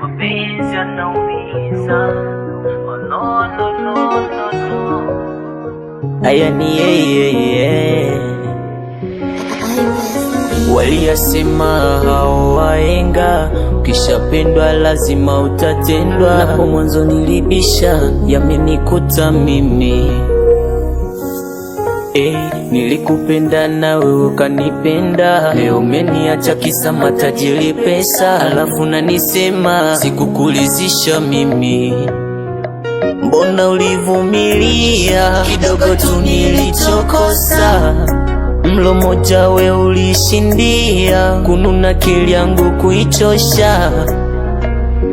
Mapenzi yanaumiza oh, Aya ni yeye waliyasema hao waenga, ukishapendwa lazima utatendwa. Napo mwanzo nilibisha yamenikuta mimi Hey, eh, nilikupenda na wewe ukanipenda, leo umeniacha kisa matajiri pesa, alafu nanisema sikukulizisha mimi Mbona ulivumilia kidogo tu nilichokosa, mlo moja we ulishindia kununa kili yangu kuichosha.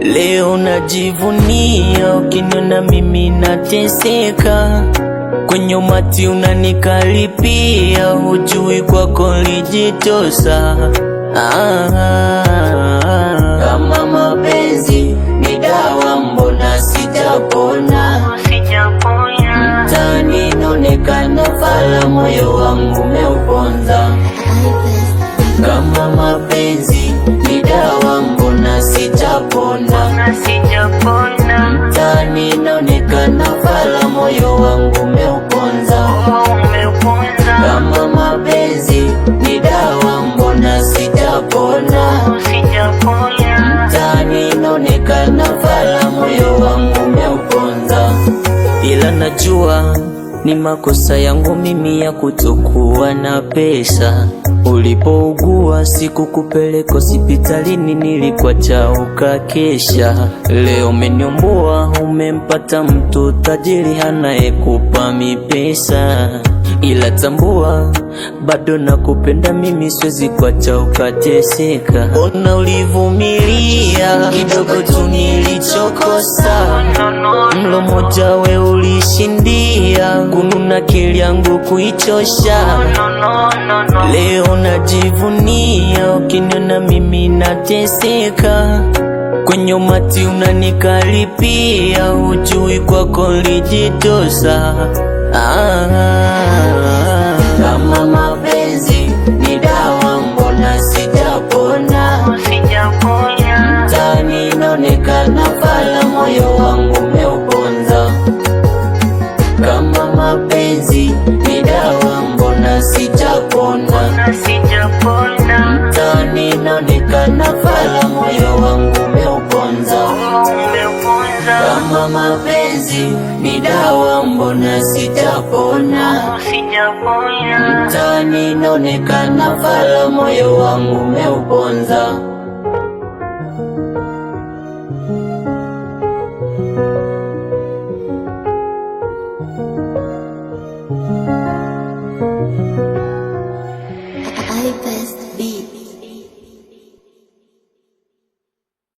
Leo najivunia ukiniona mimi nateseka. Kwenye umati unanikaripia, hujui kwako lijitosa. Kama mapenzi ni dawa, mbona sijapona? Mtaani inaonekana fala, moyo wangu umeuponza. Kama mapenzi ni dawa, mbona sijapona? Mtaani inaonekana fala, moyo wangu na vala moyo wangu umeuponza, ila najua ni makosa yangu mimi ya kutokuwa na pesa. Ulipougua sikukupeleka hospitalini, nilikuacha ukakesha. Leo umeniombua, umempata mtu tajiri anayekupa mipesa ila tambua bado nakupenda mimi, siwezi kuacha ukateseka. Ona ulivumilia kidogo tu nilichokosa, mlo moja we ulishindia kununa kili yangu kuichosha. Leo najivunia ukiniona mimi nateseka kwenye umati unanikaripia, ujui kwako lijitosa. Ah. mapenzi ni dawa, mbona sitapona? Sitapona mtani naonekana fala, moyo wangu meuponza